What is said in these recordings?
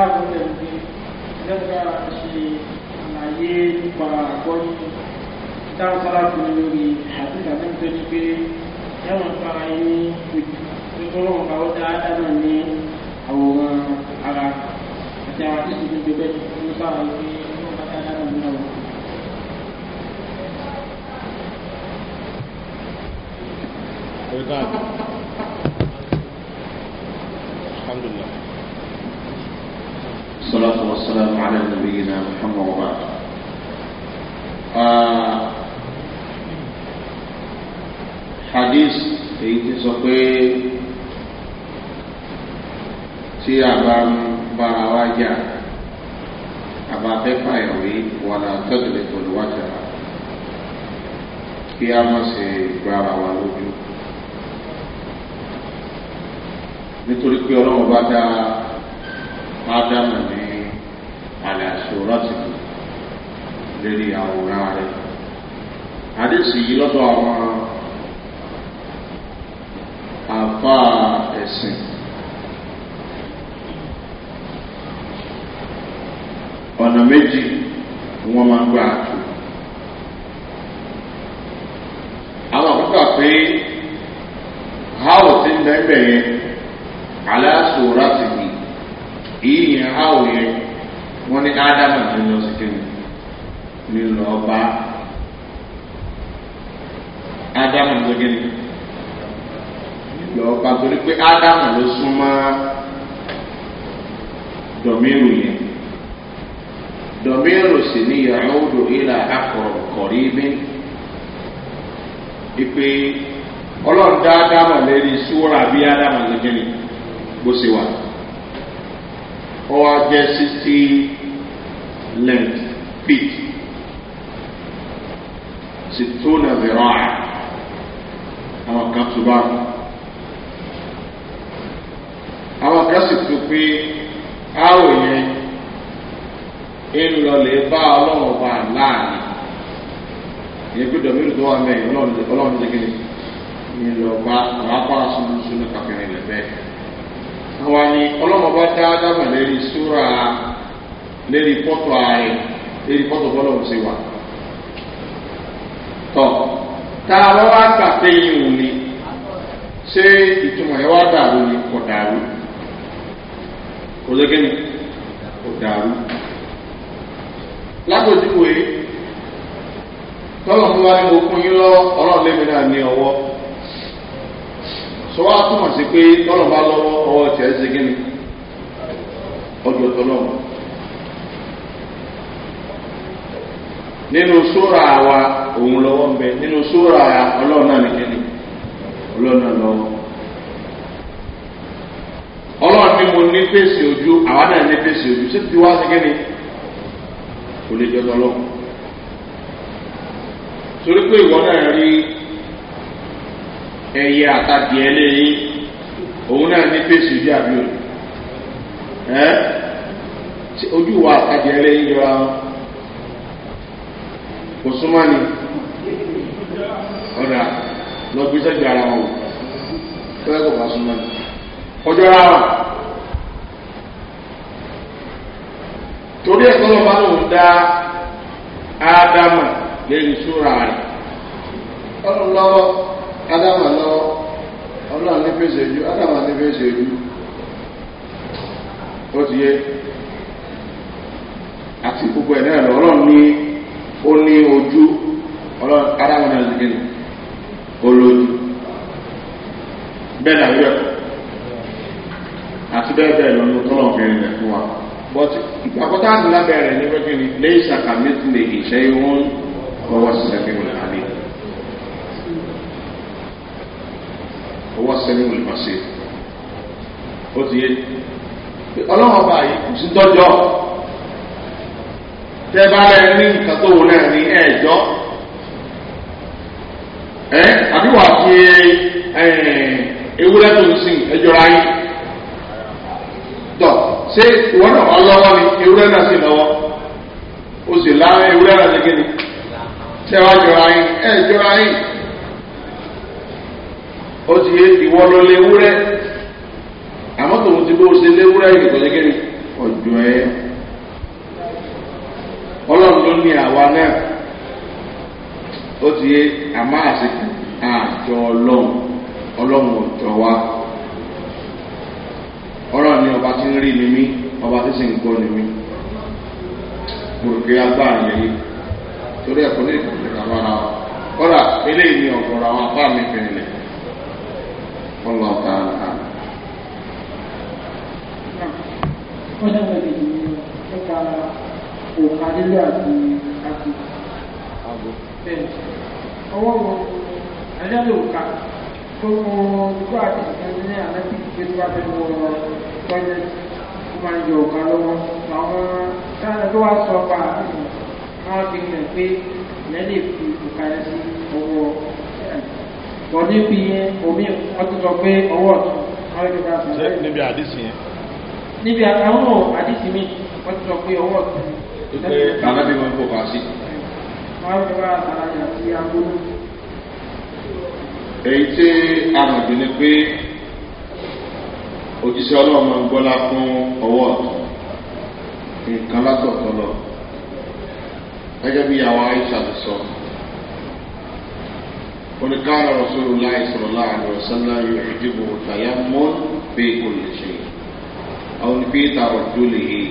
aláàbò tẹ̀lé pé lẹ́gbẹ̀ẹ́ ara ṣe àlàyé nípa àgbọ́yé dáhùn sáláàbò lórí àti ìdàgbẹ́ ní pé ẹ̀wọ̀n fara yín ojú nítorí wọn bá ó dá dáná ní àwòrán ara àti àwọn àti ìdíje bẹ́ẹ̀ ní fara yín ní wọn bá dá dáná ní àwòrán. Obrigado. والصلاة والسلام على نبينا محمد وبعد آه حديث èyí sọ pé tí a bá ń bára wá jà a bá fẹ́ fàyàwé wà láà tọ́tẹ̀lẹ̀ pẹ̀lú wájàrà kí a má ṣe gbára wa lójú nítorí pé ọlọ́run bá dá ádámù ní على صورته lórí àwòrán rẹ̀ àdéhùn yìí lọ́dọ̀ àwọn àfa ẹ̀sìn ọ̀nà méjì wọ́n máa ń gbà tó àwọn àkókò pé háwọ̀ tí ń ní ádámù tó lọ sí kéwì ní lọ bá ádámù tó kéwì lọ bá torí pé ádámù ló súnmọ́ dọ̀míìrù yẹn dọ̀míìrù sì ní yàrá-òdò ìlà akọ̀rọ̀kọ̀rí mi ìpè ọlọ́run dá ádámù lẹ́ni súwọ́rọ̀ àbí ádámù tó kéwì bó ṣe wà ọwọ́ jẹ́ sixty length, feet. ستون ذراع àwọn kan tó bá àwọn kan sì tó pé áwò yẹn ń lọlẹ̀ bá ọlọ́run bá láàrin ìyẹn pé dọ̀míìrì tó wà mẹ́rin ọlọ́run jẹ́ kíni ní lọ bá àwọn apára sunu sunu kàkẹ́rin lẹ́fẹ̀ẹ́ àwọn ni ọlọ́run bá dá dábàá lérí súra lérí fọ́tò ààrẹ lérí fọ́tò bọ́lọ̀ ṣe wà. tọ́ tá a lọ́wọ́ àgbà pé yìí ni ṣé ìtumọ̀ ẹ̀ wá dàrú ni kò dàrú kò lókè ni kò dàrú. lágbèjúwe tọ́lọ̀ fún wa ní mo kún yín lọ́wọ́ ọlọ́run lẹ́mi náà ní ọwọ́ sọ wá túmọ̀ sí pé tọ́lọ̀ bá lọ́wọ́ ọwọ́ tẹ̀ ṣe kí ni ọjọ́ tọ́lọ́run. nínú sóra wa òun lọ́wọ́ mbẹ nínú sóra ọlọ́run náà nìkan lọ́wọ́ ọlọ́run mo ní fèsì ojú àwa náà ní fèsì ojú sí ti wá sí kí kò lè jẹ tọ́lọ́run torí pé ìwọ náà rí ẹyẹ òun náà ní fèsì ojú àbí ẹ ojú wa yọra wọn. kò súnmọ́ ni ọ̀dà lọ gbé ara wọn ọjọ́ ara wọn. torí ẹ̀kọ́ lọ́ba dá ádámà lẹ́yìn súra rẹ̀ ọlọ́run lọ́wọ́ ádámà lọ́wọ́ ní ádámà ní ó àti gbogbo ẹ̀ ó ní ojú ọlọ́run adáwọn náà ti gbìn olójú bẹ́ẹ̀ làwọn ẹ̀kọ́ àti bẹ́ẹ̀ bẹ́ẹ̀ lọ́nu tọ́lọ̀ bẹ̀rẹ̀ rẹ̀ fún wa but àkọ́tà àti lábẹ́rẹ̀ ní wẹ́kẹ́ ni lẹ́yìn sàkàmẹ́tì lè ṣe é wọ́n lọ́wọ́ sísẹ́ fi wọlé àlè owó sẹ́ni wọlé máa ṣe ó ti yé ọlọ́run ọba yìí kò sí dọ́jọ́ tẹ́ bá lẹ ní nǹkan tó wọlé ní ẹ̀jọ́ ẹ àbí wàá fi ewúrẹ́ tó ń sìn ẹjọ́ ayé tọ̀ ṣé ìwọ náà wà lọ́wọ́ ni ewúrẹ́ náà sì lọ́wọ́ o sì lá ewúrẹ́ náà lẹ́gẹ́ ni tẹ́ wá jọra ayé ẹ̀ jọra ayé o ti yé ìwọ lọ lé ewúrẹ́ àmọ́ tòun ti bó o ṣe lé ewúrẹ́ yìí kọ́ṣẹ́gẹ́ ni ọ̀jọ̀ ẹ̀ ọlọ́run ní àwa náà ó ti yé àmọ́ àsìkò àjọ ọlọ́run ọlọ́run ọ̀jọ̀ wa ọlọ́run ní ọba tí ń rí ni mí ọba tí sì ń gbọ́ ni mí gbòrògbé agbára yẹn yìí torí ẹ̀kọ́ ní ìkọ̀kọ̀ ìkàwára wa kọ́lá eléyìí ni ọ̀gọ̀rọ̀ àwọn apá mi fi rìnlẹ̀ ọlọ́ọ̀ta àná adélé àti àti àbò bẹ́ẹ̀ ọwọ́ wo ẹlẹ́lò òkà tó mọ ikú àti ìdílé àlẹ́kì tó ti wá fẹ́ wọ pẹ́lẹ́ tó máa yọ òkà lọ́wọ́ àwọn táwọn tó wá sọ pa àwọn fi hàn pé ìyẹ́lẹ̀ fi òkà yẹn sí ọwọ́ wọ́n ní fi omi wọ́n sọ pé ọwọ́ ọ̀tún wọ́n ti bá a níbi àdìsí yẹn. níbi àwọn àdìsí mi wọ́n ti sọ pé ọwọ́ ọ̀tún pé lànà bí wọ́n kó paṣí. èyí tí a mọ̀ jù ni pé òjíṣẹ́ ọlọ́run máa ń gbọ́lá fún ọwọ́ ọ̀tún nǹkan látọ̀tọ̀ lọ gẹ́gẹ́ bí àwọn aisha ti sọ oníkàrà rasulu láì sọ̀rọ̀ láàrin ọ̀sánlá yóò fi dìbò tàyà mọ́ bí kò lè ṣe àwọn oníbí ìtàwọ̀ tó lè yé.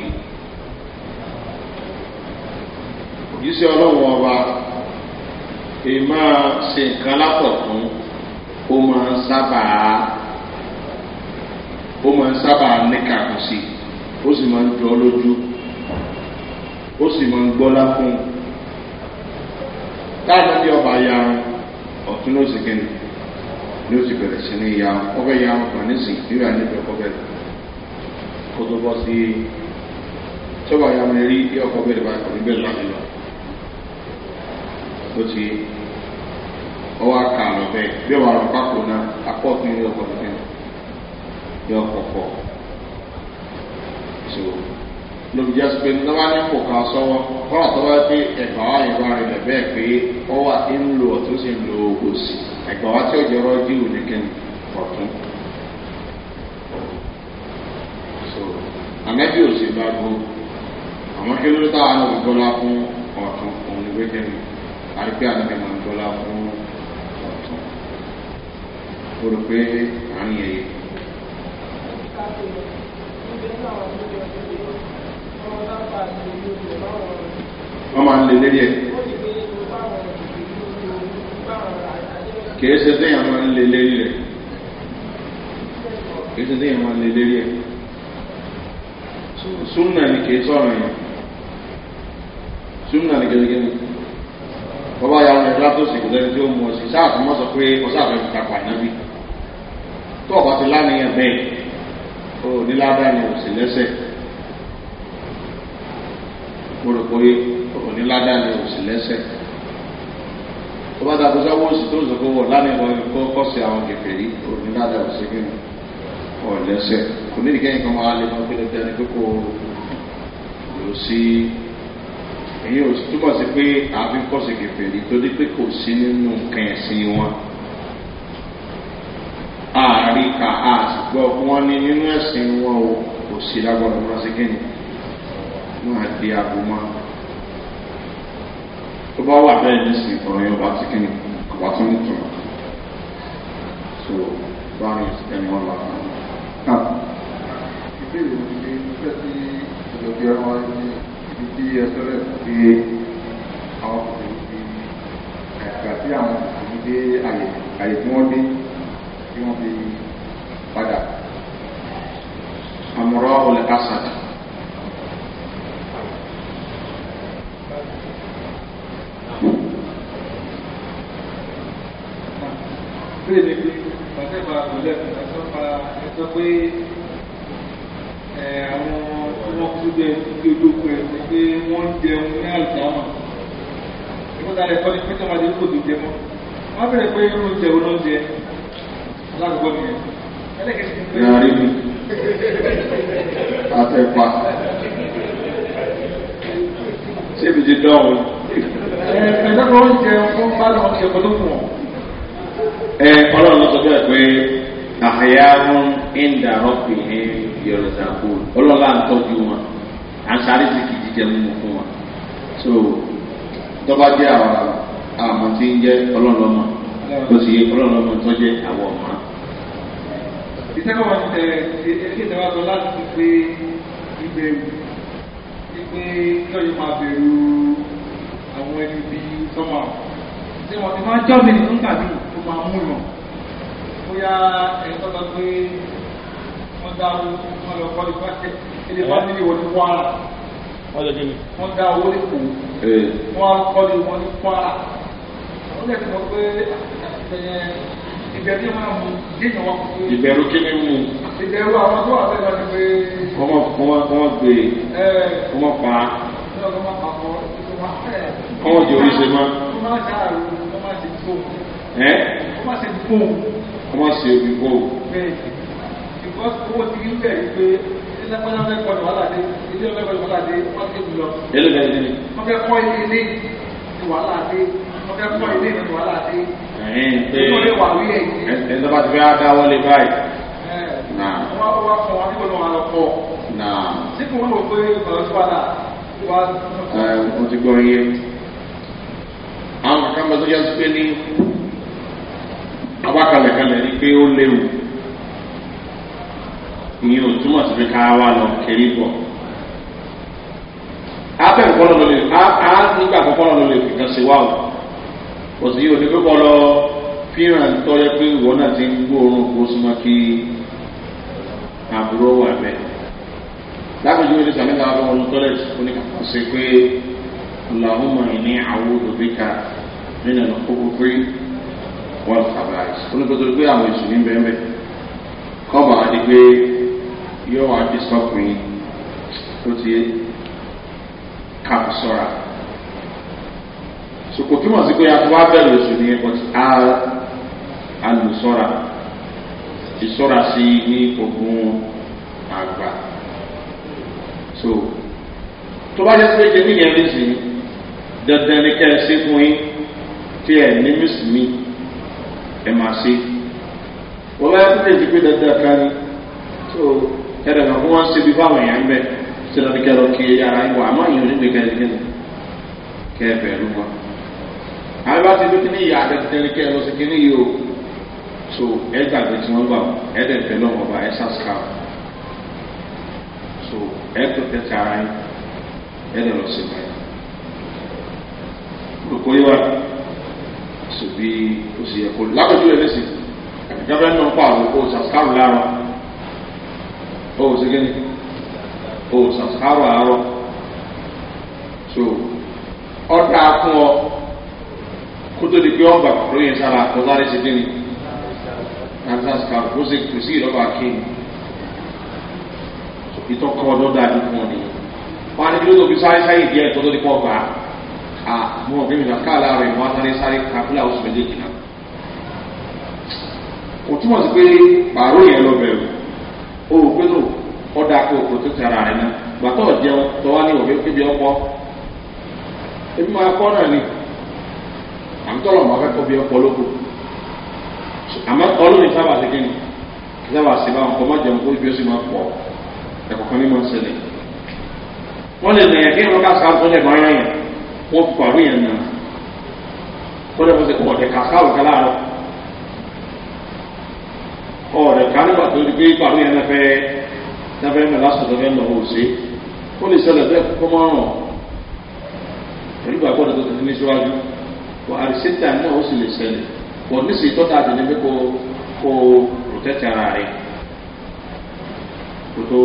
ìṣe ọlọ́run ọba ìmọ̀ ṣe nǹkan lápọ̀tún ó máa ń sábà ó máa ń sábà níkàkùn sí ó sì máa ń jọ lójú ó sì máa ń gbọ́lá fún un táàbù bí ọba ya ọ̀tún ló sì kéde ní o ti bẹ̀rẹ̀ sí ní ya ọbẹ̀ ya ọ̀pọ̀ nísìnyí nígbà níbẹ̀ ọbẹ̀ kó tó bọ́ sí tọ́ba ya mi rí ọkọ̀ bẹ̀rẹ̀ báyìí kò ní bẹ̀rẹ̀ lọ ó ti ọwọ́ aka àlọ́ bẹ́ẹ̀ bí ọ̀rọ̀ àrùn pákó náà apọ̀ kí ni ọkọ̀ tó yọ ọkọ̀ so lóbi jẹ́ pé nígbà ní kò ká sọ́wọ́ kọ́lá tó bá dé ẹ̀gbà wa ìwà rẹ̀ lẹ̀ bẹ́ẹ̀ pé ọwọ́ àti ń lo ọ̀tún sì ń lo òsì ẹ̀gbà wa tí ó jẹ́ rọ́jú nìkan ọ̀tún. àmẹ́bí ò sì gbàgbó àwọn kí ló dáa ní ògbọ́lá fún ọ̀tún òun ní wékẹ́ndì àrígbé àdàbí máa ń dọ́là fún ọ̀tún ó rò pé àárín ẹ̀yẹ. wọ́n máa ń lè lérí ẹ̀ kìí ṣe téèyàn máa ń lè lérí rẹ̀ kìí ṣe téèyàn máa ń lè lérí ẹ̀ súnà ni kìí sọ̀rọ̀ yẹn súnà ni gẹ́gẹ́ ni tọ́lá ya wọn ẹ̀dá tó sèkò lẹ́ni tí ó mú ọsẹ sáà tó mọ́ sọ pé ọsẹ àfẹ́mi takwa nábì tó ọba ti lánìyàn bẹ́ẹ̀ ó ní ládàá ni òsì lẹ́sẹ̀ mo rò pé ó ní ládàá ni òsì lẹ́sẹ̀ tó bá dàgbé sáwọ́ òsì tó sọ pé wọ́n lánìyàn lọ kó kọ́sì àwọn kẹfẹ́rí ó ní ládàá òsì mímu ọ̀ lẹ́sẹ̀ kò ní ìkẹyìn kan wà á lè pé lọ́tẹ́ ẹni pé kò lọ sí èyí ò túbọ̀ sí pé àfi ń kọ́sì kẹfẹ́ nítorí pé kò sí nínú nǹkan ẹ̀sìn wọn ààrí kà á sì gbọ́ wọn ní nínú ẹ̀sìn wọn o kò sí lágbọ́dọ̀ wọn sí kí ni wọn á di àbò mọ́ tó bá wà bẹ́ẹ̀ nísìnyí ọ̀rọ̀ yóò bá ti kí ni kò bá tún tún so báyìí ẹni wọn lọ. ìbéèrè mi ni pé tí ìjọba ẹran ẹni ibi tí ẹsẹ̀ rẹ̀ sọ pé àwọn kòkòrò ti àyàgbà sí àwọn kòkòrò dé àyè àyè tí wọ́n dé tí wọ́n fi padà àmọ̀rọ̀ olè asàdì. Bẹ́ẹ̀ni, pàṣẹ bá àgbẹ̀lẹ̀ ẹ̀sọ́ pa ẹ̀sọ́ pé. ṣe gbogbo ẹ̀ ní pé wọ́n jẹun ní àlùjáwà ìmúta rẹ̀ kọ́ ní pété wájú kò tó jẹ mọ́ wọ́n bẹ̀rẹ̀ pé irú oúnjẹ wo ló ń jẹ alákọ̀ọ́kọ́ nìyẹn ẹlẹ́kẹ̀sì pé. ní àárín mi àtẹ̀pà ṣé ibi ti dán o. ẹ̀ẹ́dẹ́gbẹ́ oúnjẹ fún bálọ̀ oúnjẹ kan ló fún ọ. ẹ ọlọ́run ló sọ bẹ́ẹ̀ pé àyà ń ń dàrọ́ pè é yorùbá kú ọlọ́lá ń tọ́jú wọn àṣàrí ti kì jíjẹ mímu fún wa so tọ́ba jẹ́ àwọn àmọ́ tí ń jẹ́ ọlọ́lọ́mọ tó sì yẹ ọlọ́lọ́mọ tó jẹ́ àwọn ọmọ. ìṣẹ́kọ̀ wọn tẹ ẹgbẹ́ ìjọba sọ láti pé ìbẹ̀rù pé kíọ̀yì máa bẹ̀rù àwọn ẹni bíi sọ́mà tí wọ́n ti máa jọ́ mi nígbà tí ó máa mú yàn bóyá ẹ̀ńtọ́ lọ pé wọ́n dáwó wọ́n lọ kọ́ ìfọ́sẹ̀ ilé fámìlì wọn ní kwara wọ́n jẹ́ kí ni. wọ́n dá owó ní kù eh. wọ́n á kọ́lé wọn como é wọ́n lè sọ pé eh, ìbẹ̀rù é mú déèyàn wá kú. ìbẹ̀rù kí ni como ìbẹ̀rù àwọn tó wà pá, como pé. wọ́n mọ̀ wọ́n mọ̀ gbé eh. wọ́n mọ̀ pa. wọ́n mọ̀ jẹ́ oríṣi mọ́. wọ́n máa ṣe àrùn wọ́n máa ṣe gbó. ẹ́ wọ́n máa ṣe gbó. wọ́n máa ṣe omi gbó. bẹ́ẹ̀ ni ìgbọ́sowó ti ń bẹ̀rù pé iṣẹ́ pẹ́ náà fẹ́ kọ́ ní wàhálà dé ilé ọ̀fẹ́ kọ́ ní wàhálà dé wọ́n ti jù lọ. èlò lẹ́yìn níbi. wọ́n fẹ́ kọ́ ilé ní wàhálà dé wọ́n fẹ́ kọ́ ilé ní wàhálà dé. ẹ̀yin pé ẹ̀ ẹ̀ ti fẹ́ dá wọlé báyìí. wọ́n wá kọ́ wọn níbo ni wọ́n á lọ kọ́. sípò wọn ò pé ọ̀rọ̀ tó wà náà wọ́n ti gbọ́ iye àwọn kàkàmbá tó yá sí pé ní abákalẹ̀kalẹ̀ ni pé ó léwu. ni o túmọ̀ sí pé ká lọ kéré bọ̀. afẹ́ ìfọ́nà ló lè nígbà àkọ́kọ́ ló lè fìkan o kò sí pé náà ti ń oorun kó kí àbúrò wà bẹ́ẹ̀. lápẹjù ìdí sàmì náà lọ́wọ́ pé nínú ọkọ̀ pé kàbáyé. kótó pé àwọn èsì ní bẹ́ẹ̀ bẹ́ẹ̀ yóò wá fi sọkùnrin tó ti kàkú sọ́ra sòkò túmọ̀ sí pé akọ́wá bẹ̀rẹ̀ oṣù ní ẹ̀kọ́ ti alùsọ́ra ìsọ́ra sí ní ogun àgbà so tó bá jẹ́ pé jẹ́ níyẹn lè sìn dandan ní kẹ́ ẹ sí fún yín tí ẹ ní mùsùlùmí ẹ máa ṣe wọ́n bá yẹ kó tẹ̀sí pé dandan kan ni so ẹ̀rẹ̀ kan fún wọn ṣe bí fáwọn èèyàn bẹ́ẹ̀ ṣe lọ́ọ́ fi kẹ́ lọ kí ara ń wà àmọ́ ìyẹn onígbè kẹ́ ẹ̀ kẹ́ ẹ̀ bẹ̀rù wọn. àbá ti fi kíní ìyá àtẹ̀tẹ̀ kẹ́ ẹ lọ sí kíní yìí o so ẹ gbàgbé tí wọ́n gbà ẹ dẹ̀ fẹ́ lọ́wọ́ ọba ẹ sàṣkà so ẹ tó tẹ̀ tẹ̀ ara yín ẹ dẹ̀ lọ sí báyìí. olùkọ́ yìí wà sùbí ó yẹ kó lákòókò ẹ̀ lẹ́sìn àgbẹ̀gbẹ̀ náà pààrọ̀ kó sàṣkà lára ó ṣe kí ni ó sàn àárọ̀ so ọ̀dà fún ọ kó tó di pé ọgbà kúrò yẹn sára ọ̀dàrí ṣe kí ni nàìjíríà sàkàrọ̀ kó ṣe kò sí ìdọ́gba kéènì ìtọ́kọ̀ ọ̀dọ́ dájú fún ọ nìyẹn wọn á ní kí ló sáré sáyé díẹ̀ tó di pọ̀ gbà á mo rò pé mi nàka aláàrẹ ìwọ atare sáré kakúlà oṣù méjèèjì náà kò túmọ̀ sí pé pààrọ̀ yẹn lọ bẹ̀rù òògbé lò ọ̀dà kó o kò tó tara rẹ̀ náà gbàtọ̀ jẹun tọ́ wá ní òbí kébi ọkọ ebi máa kọ́ náà ni àmì tọ́lọ̀ máa fẹ́ kọ́ bí ọkọ lóko àmọ́ ọlọ́run sábà ti kéde sábà sí báwọn kọ́ má jẹun kó ibi ó sì máa pọ̀ ẹ̀kọ́ kan ní máa ń ṣẹlẹ̀ wọ́n lè nàyà kí ẹ̀rọ ká sáà tó lẹ̀ máa ń rìn wọ́n fi pàrọ̀ yẹn náà kó lè fọ́ ọ̀rẹ́ ká nígbà di pé pàrọ̀ yẹn náà fẹ́ náà fẹ́ mọ̀ lásìkò tó fẹ́ mọ̀ ò sí ó lè ṣẹlẹ̀ bẹ́ẹ̀ kó máa ràn pẹ̀lú ìgbàgbọ́ tó ti ní síwájú wọ àrísẹ́tà náà ó sì lè ṣẹlẹ̀ wọ níṣì tọ́ta àti ní pé kó kó protect ara rẹ̀ kó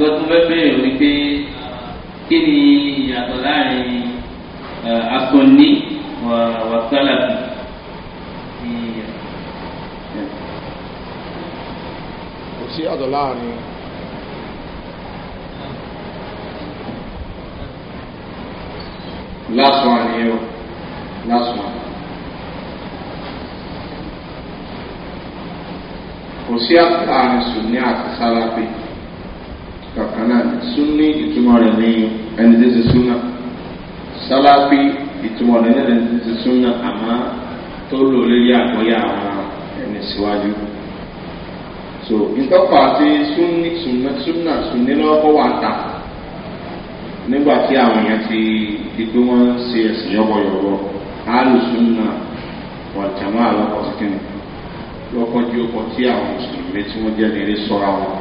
nǹkan tó fẹ́ bẹ̀rẹ̀ ni pé kí ni ìyàtọ̀ láàrin asọ̀ní wà sálàbì. kò sí àtọ̀ láàrin. last one here last one kò sí àtọ̀ láàrin sùn ní àti sálàbì sunni ìtumọ̀ rẹ̀ ní ẹni tí ti sunna sálábí ìtumọ̀ rẹ̀ ní ẹni tí ti sunna àmọ́ tó lò lórí àgbọ́yà àwọn ẹni síwájú. so ìtọ́pọ̀ àti sunni sunna sunna sunni lọ́kọ́ wà tà nígbà tí àwọn èèyàn ti di pé wọ́n ń ṣe ẹ̀sìn yọ̀bọ̀yọ̀bọ̀ alùsùnà wàjàmá àlọ́kọ̀ sí kìnnìkan lọ́kọ́ jí ó kọ tí àwọn mùsùlùmí tí wọ́n jẹ́ nílé sọ́ra wọn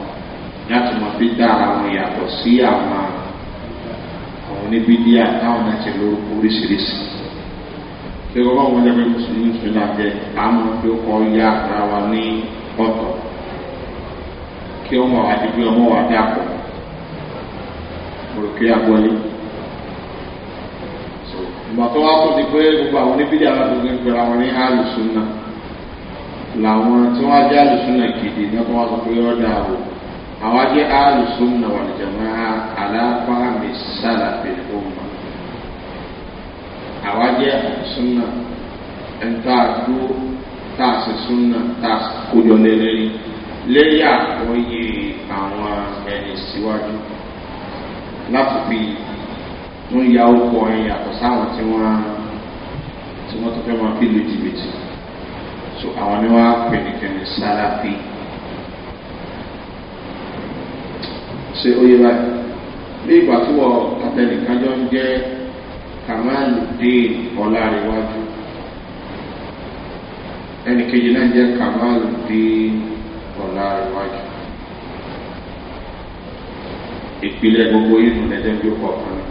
láti máa fi dá ara wọn yàtọ̀ sí àwọn àwọn níbi díà táwọn náà ti lórúkọ oríṣiríṣi ṣé kọ́kọ́ wọn jẹ́ pé mùsùlùmí mùsùlùmí náà jẹ́ àmọ́ pé ó kọ́ yá ara wa ní ọ̀tọ̀ kí ọmọ wa ti fi ọmọ wa dàpọ̀ òrùké agbọ́lé ìgbà tó wá kó pé gbogbo àwọn oníbídì aládùúgbò ń pera wọn ní àlùsùn náà làwọn tí wọ́n á jẹ́ àlùsùn náà kìdì ní ọkọ̀ wọn sọ pé ọ̀dà àwọn àwọn ajẹ́ alùsùn náà wà lìjàmá aláfáàmì sálàfẹ́ ọmọ àwọn ajẹ́ alùsùn náà ẹ̀ńtà dúró tá a sì sùn náà tá a kójọ lélẹ́rí lẹ́yìn fi wọ́n ya ọkọ̀ ẹ̀ yàtọ̀ sáwọn tí wọ́n tí wọ́n tó fẹ́ máa fi lu jìbìtì so àwọn ni wọ́n á pè nìkan ní ṣe oyè báyìí bí ìgbà tí wọ́n àtẹnìkan jọ ń jẹ́ kamaludeen ọ̀làríwájú ẹnìkejì náà jẹ́ kamaludeen ọ̀làríwájú ìpìlẹ̀ gbogbo inú lẹ́jọ́ bí ó kọ̀ kan ní.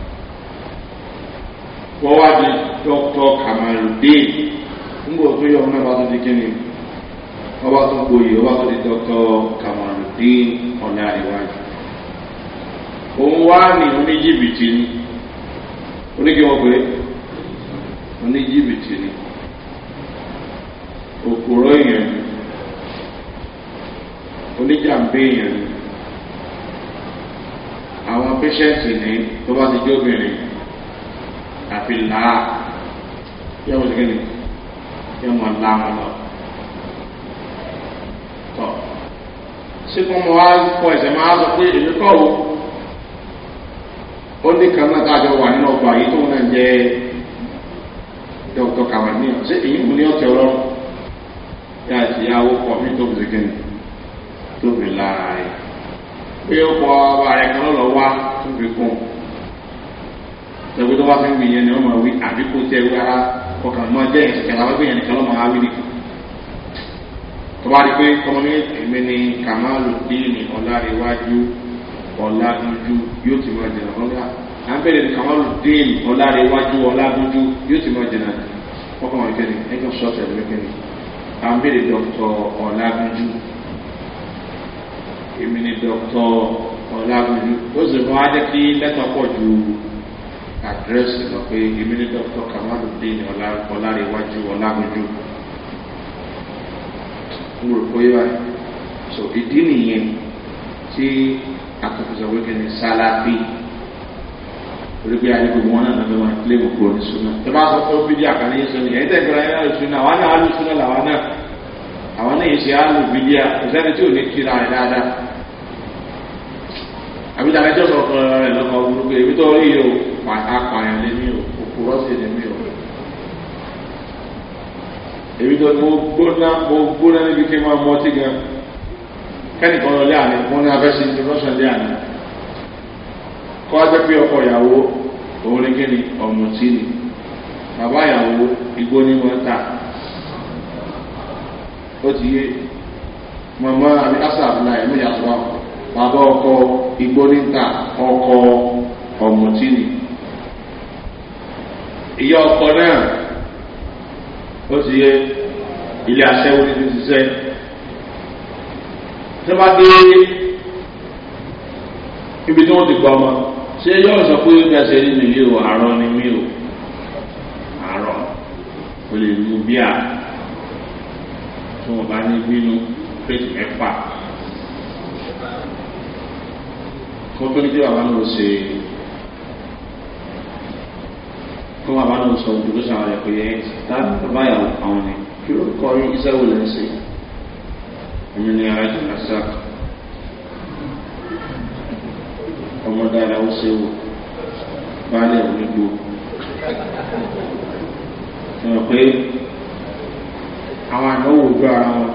wọ́n wá di dr kamaludeen nígbà tó yọ ọmọ náà bá tó di kíni wọ́n bá tó gboyè wọ́n bá tó di dr kamaludeen ọ̀làríwájú òun wá ní oníjìbìtì ni oníkí wọn pé oníjìbìtì ni òkúrọ èèyàn ni oníjàmbé èèyàn ni àwọn pẹ́ṣẹ́ǹtì ni tó bá ti jóbìnrin àfi làá yẹ́wọ́n ti kí ni yẹ́wọ́n làwọn lọ. ṣé kí wọ́n mọ̀ wá kọ ẹ̀sẹ̀ máa sọ pé èmi kọ̀ wò ó ní kan náà táàjọ wà nínú ọgbà yìí tóun náà jẹ dr kamani ṣé èyí mú ní ọtí ọlọrun yá ìyàwó kọ mí tóbi ṣèké ni tóbi lára rẹ pé ó kọ ọba rẹ kan lọ wá tóbi kún tẹ̀wé tó bá fi ń wí yẹn ni wọ́n máa wí àbí kó tẹ̀ wí ara ọkàn mọ́ jẹ́ ìṣẹ̀kẹ̀lá wọ́n gbé yẹn nìkan lọ́mọ awí ni tọ́ba rí pé kọ́mọ́nì èmi ni kàmáàlú díìnì ọ̀làríwájú ọ̀la dúdú yóò ti máa jẹ̀nà ọ̀la abẹ́rẹ́ ní kàwọn déèlì ọ̀la rẹ̀ wájú ọ̀la dúdú yóò ti máa jẹ̀nà ọkàn wọn kẹ́ni ẹ̀kan sọ́ọ̀tì ẹ̀rọ kẹ́ni abẹ́rẹ́ dọ́kítọ̀ ọ̀la dúdú èmi ni dọ́kítọ̀ ọ̀la dúdú ó sì mọ adé kí lẹ́tọ̀ pọ̀ ju àdírẹ́sì lọ pé èmi ni dọ́kítọ̀ kàwọn déèlì ọ̀la rẹ̀ wájú ọ̀la dúdú mo so ìdí nìyẹn tí akókòsọ wíkẹ́ ní sálábì olùgbé àdìgbò wọn náà lọ́dọ̀ wọn ilé ìwòkò ní súná ẹ bá sọ pé ó bídí àkàlẹ́ yẹn sọ ni ẹ̀yìn tẹ̀gbọ́n ayé àlù súná àwọn náà àlù súná làwọn náà àwọn náà yìí ṣe àlù bídí à ìsẹ́ni tí ò ní kíra rẹ̀ dáadáa àbí tàbí ẹjọ́ sọ̀rọ̀ kan rẹ̀ lọ́kọ̀ olùgbé ibi tó rí o apààyàn lé mi o òkúrọ́ sì lé o èmi tó gbóná gbóná níbi kí n máa mọ ọtí gan kẹ́nìkan lọ lé àná wọn ní afẹ́sí introduction lé àná kọ́ ajẹ́ pé ọkọ̀ ìyàwó òun ní kíni ọ̀mùtí ni bàbá ìyàwó igbó ní wọn ta ó ti yé mọ̀mọ́ àbí ásà àbúlá ẹ̀mí ìyàtọ̀ bàbá ọkọ̀ igbó ní ta ọkọ̀ ọ̀mùtí ni ìyá ọkọ̀ náà ó ti yé ilé aṣẹ́wó ní ti ṣiṣẹ́ tí wọ́n dé ibi tí wọ́n ti gbọ́ ọmọ ṣé yóò sọ pé bí a ṣe rí nìyí o àárọ̀ ni mí o àárọ̀ o lè lu bíà tí wọ́n bá ní bínú péjì mẹ́fà kó tó ní kí bàbá náà ṣe kó bàbá náà sọ ojú tó ṣàwọn ẹ̀kọ́ yẹn tá bàbá yà àwọn ni kí ló kọ́ iṣẹ́ wo lẹ́sìn èmi ni alájọ lásà ọmọ dára ó ṣe wò baálẹ̀ onígbò ẹ̀rọ pé àwọn àdánwò ojú ara wọn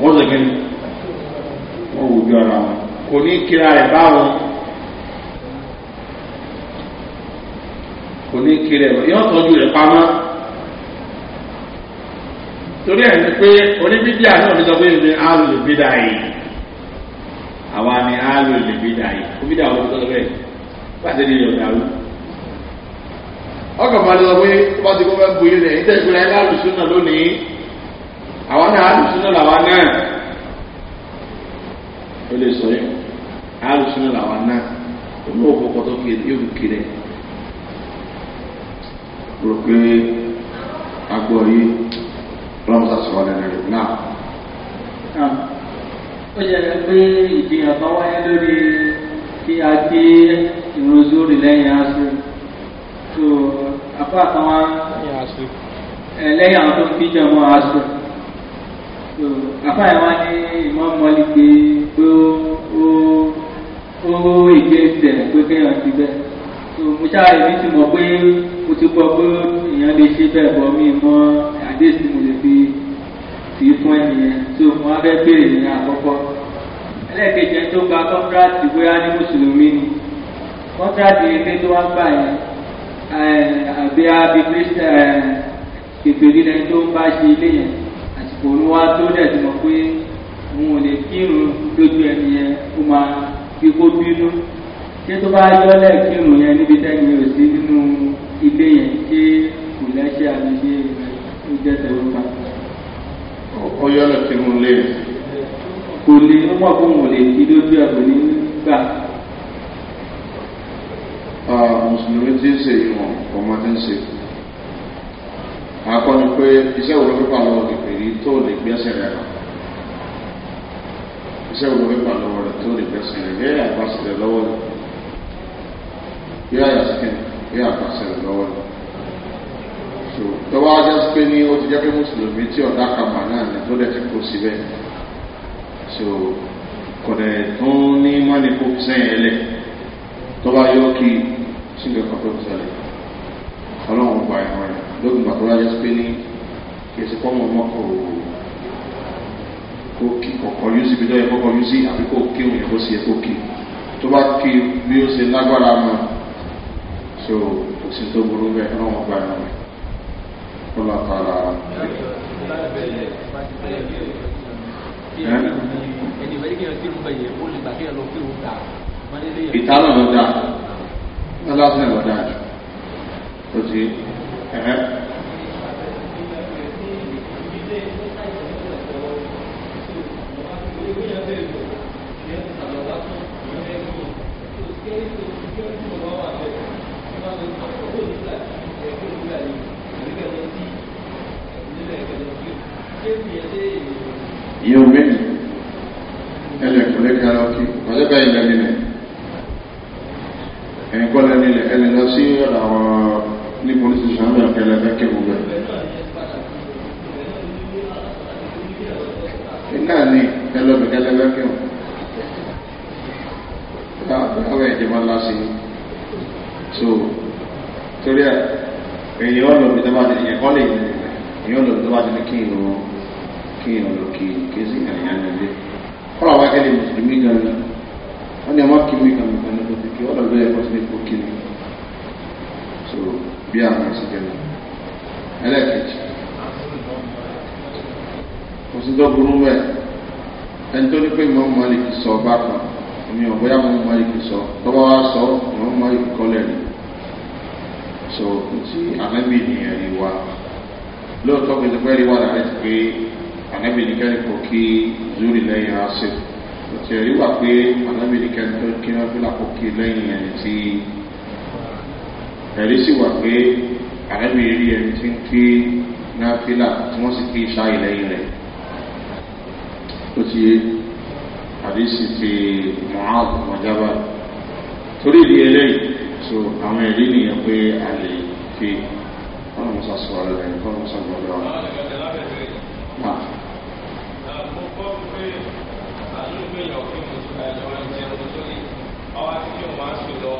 wọ́n sọ̀kẹ́ ni wọ́n wò ojú ara wọn kò ní kíra rẹ̀ báwọn kò ní kíra rẹ̀ yọ́ tọ́jú rẹ̀ pamọ́. torí ẹ̀ ní pé oníbídíà náà fi sọ pé èmi áàlù lè yìí àwa ni áàlù lè bí o yìí o sọ bẹ́ẹ̀ pàṣẹ ní ìyọ̀dà rú. ọkàn máa sọ pé ó bá ti kó fẹ́ bu rẹ̀ níta ìpínlẹ̀ áàlù súnà lónìí àwa náà áàlù súnà làwa náà ó lè sọ yìí áàlù súnà làwa náà òun ò yóò kiri rò ọlọ́mọta sọ̀rọ̀ lẹ́nu rẹ̀ náà. ó yẹ pé ìgbìyànjú kan wáyé lórí kí a gbé ìrun zórí lẹ́yìn aṣọ tó apá kan wá lẹ́yìn àwọn tó ń fi jẹ́ ọmọ aṣọ tó apá yẹn wá ní ìmọ̀ mọ́lì pé Tu ó ó ìgbé tẹ̀ pé kéèyàn yang bẹ́ẹ̀ tó mo ṣáà rí mi ti mọ̀ pé mo ti gbọ́ pé èèyàn lè mi mọ́ àdéhùn tí mo lè fi fi fún ẹnìyẹn tí o fún abẹ́ béèrè ní àkọ́kọ́ ẹlẹ́ẹ̀kejì ẹni tó gba kọ́ńtíráàtì bóyá ní mùsùlùmí ni kọ́ńtíráàtì ẹgbẹ́ tó wá ń gbà yẹn eh, àbí àbí eh, kìpèrí lẹni tó ń bá ṣe ilé yẹn àsìkò òun wá tó dẹ̀ ti mọ̀ pé òun ò lè kírun lójú ẹni yẹn ó máa fi kó bínú ṣé tó bá yọ́lẹ̀ kírun yẹn níbi tẹ́ni ò sí nínú ilé yẹn ṣé kò lẹ́ṣẹ̀ àbí ṣe rẹ̀ ọyọ́ lọ sí mu lé kò lè nígbà kó mo lè kí lójú àgbẹ̀ nígbà mùsùlùmí ti ń ṣe ìwọ̀n ọmọ ti ń ṣe àkọ́ni pé iṣẹ́ wo ló fi pàlọ́ rẹ̀ pèrí tó lè gbẹ́sẹ̀ rẹ̀ lọ iṣẹ́ wo ló fi pàlọ́ rẹ̀ tó lè gbẹ́sẹ̀ rẹ̀ yẹ́ àgbàsílẹ̀ lọ́wọ́ yẹ́ àyàsíkẹ́ yẹ́ àgbàsílẹ̀ lọ́wọ́ rẹ̀ so tọ́wọ́ ajá sí pé ní ó ti jẹ́ pé mùsùlùmí tí ọ̀dà kàmà náà ní tó dẹ̀ ti kó síbẹ̀ so kò dẹ̀ tún ní mọ́ni kó sẹ́yìn ẹlẹ́ tọ́wọ́ yọ kí síngẹ̀ kan tó sẹlẹ̀ ọlọ́run gba ẹ̀wọ̀n rẹ̀ lóògùn bàtọ́ ajá sí pé ní kèsì pọ́nmọ́ mọ́kò kó kí kọ̀kọ́ yóò síbi tó yẹ kọ́kọ́ yóò sí àbí kó kí òun yẹ kó sí yẹ kó kí tó bá kí bí ó ṣe lágbára mọ́ so kò sí tó burú bẹ́ẹ̀ ọlọ́run gba ẹ̀wọ̀n rẹ̀ kọ́lá tààrà ìtànà lọ́dà lọ́dà sí ẹ̀lọ́dà jù ó ti ẹ̀hẹ́. nílẹ̀ ẹ lè lọ sí ọ̀dà àwọn ní polisi sàmì àkẹlẹ fẹ́kẹ̀ gbogbo ẹ̀. iná ni ẹ lọ bìkẹ́lẹ́ fẹ́kẹ̀ wọn. àwọn ẹ̀jẹ̀ máa lọ sí so torí ẹ èyí ọ̀nà òbí tó bá ti yẹ kọ́lé yìí èyí ọ̀nà òbí tó bá ti ní kí n lọ kí n lọ kí kí n sì yàn yàn lọ dé. kọ́lá wa mùsùlùmí gan-an wọ́n ní ẹ má kí mi kan nìkan ní gbogbo kí ọ̀dọ̀ bẹ́ẹ̀ kọ́ sí ní kó kí so bí àwọn ẹ̀sìn jẹ́ náà ẹlẹ́ẹ̀kejì kò sí dọ́gbọ́n mẹ́ ẹni tó ní pé ìmọ̀ malik sọ bá kan èmi ò bóyá mọ̀ malik sọ tọ́ba wa sọ ìmọ̀ malik kọ́lẹ̀ ni so ti anabi nìyẹn rí wa lóòótọ́ kò sí pẹ́ rí wa láti pé anabi nìkan kò kí zuri lẹ́yìn ètò ẹ̀rí wà pé anábìrin kẹ́ńtọ́ kí wọ́n fún àkókò lẹ́yìn ẹni tí ẹ̀rí sì wà pé anábìrin rí ẹni tí ń kí náfìlà tí wọ́n sì kí ṣáà ìlẹ́yìn rẹ̀ ó ti àdísì ti mọ́àbù mọ́jábà torí ìdí eléyìí so àwọn ẹ̀rí nìyẹn pé a lè fi wọ́n mú sàṣọ̀rọ̀ rẹ̀ kọ́ mú sàgbọ́dọ̀ rẹ̀ péyàn fi mú ẹ̀yàn ẹ̀rù sórí ọwọ́ tí kí wọ́n ṣe lọ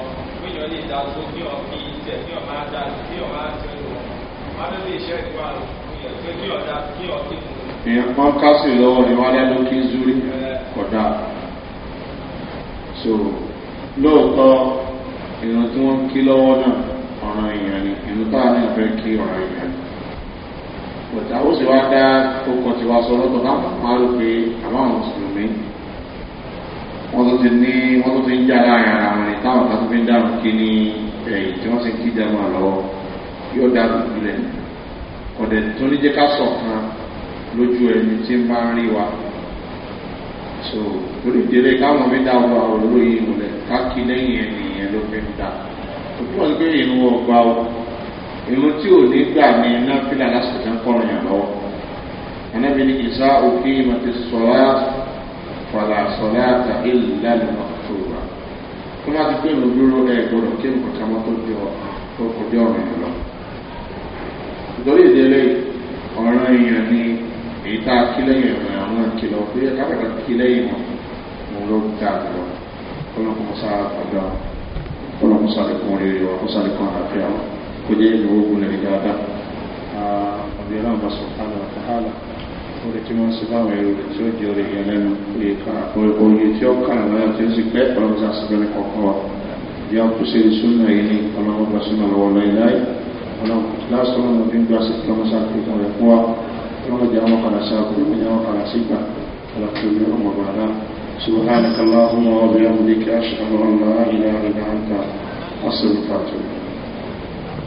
péyàn lè dá tó kí wọ́n fi tẹ̀ kí wọ́n máa dá kí wọ́n máa ṣe lọ wọ́n ló lè ṣẹ́ ìgbà pé kí wọ́n dá kí wọ́n ti mú. èèyàn kan kásì lọ́wọ́ ni wọ́n lẹ́nu kí zúrí kọ̀dá so lóòótọ́ ìran tí wọ́n ń kí lọ́wọ́ náà ọ̀ràn èèyàn ni ìlú táà náà fẹ́ kí ọ̀ràn èèyàn ni pọ̀tà ó sì wá dá okùn tiwa sọ lọ́tọ̀ láwọn máa ń pe àwọn mùsùlùmí wọ́n tó ti ní wọ́n tó ti ń yára ara wọn ní táwọn kan tó fi ń dáhùn kí ní ẹ̀yìn eh, tí wọ́n ti ń kí jẹ́mọ̀ lọ́wọ́ yóò dáhùn ìpìlẹ̀ ọ̀dẹ̀ tó ní jẹ́ ká sọ̀kan lójú ẹni tí ń bá ń rí wa so lórí ìdílé káwọn mi dá wa olóyè ìmùlẹ̀ káàkiri lẹ́yìn ẹni ìyẹn ló fi ń dá òtún wọn gbé ìrún ọgbà o ìrún tí ò ní gbà ní náfìlà lásìkò tó ń kọrin àlọ́wọ́ ẹnẹ́bí ní fàlà sọ̀lá àtà ìlà lọ́nà tó wà. tó bá ti pé ìrùdúró ẹ gbọdọ̀ kí nǹkan kan mọ́ tó jọ tó kọjá ọ̀rọ̀ yẹn lọ. ìtòrí ìdílé ọ̀ràn èèyàn ni èyí tá a kí lẹ́yìn ẹ̀rọ àwọn ìkìlọ̀ pé kápẹ́tà kí lẹ́yìn wọn òun ló ń dà lọ kọlọ́kùnmọ́sá ọ̀dọ́ kọlọ́kùnmọ́sá lẹ́kùn rere wa kọ́sá lẹ́kùn àlàáfíà wa kó jẹ́ ìlú ogun lẹ́yìn dáadáa. ọ̀bí ọlọ́run bá sọ̀rọ̀ orí tí wọ́n ṣe báwọn èrò rẹ̀ tí ó di orí yẹn lẹ́nu oyè kan oyè tí ó kàn lọ́yọ̀ tí ó sì pẹ́ ọlọ́mọdé àṣìbẹ́ni kọ̀ọ̀kan wa bí a kú sí ìṣúná yìí ní ọlọ́mọdé àṣìbẹ́ni lọ́wọ́ lọ́yìn láì láti ọlọ́mọdé bí gbà sí ọlọ́mọdé àṣìbẹ́ni rẹ̀ wá yóò jẹ́ àwọn اللهم وبحمدك اشهد ان لا اله الا انت استغفرك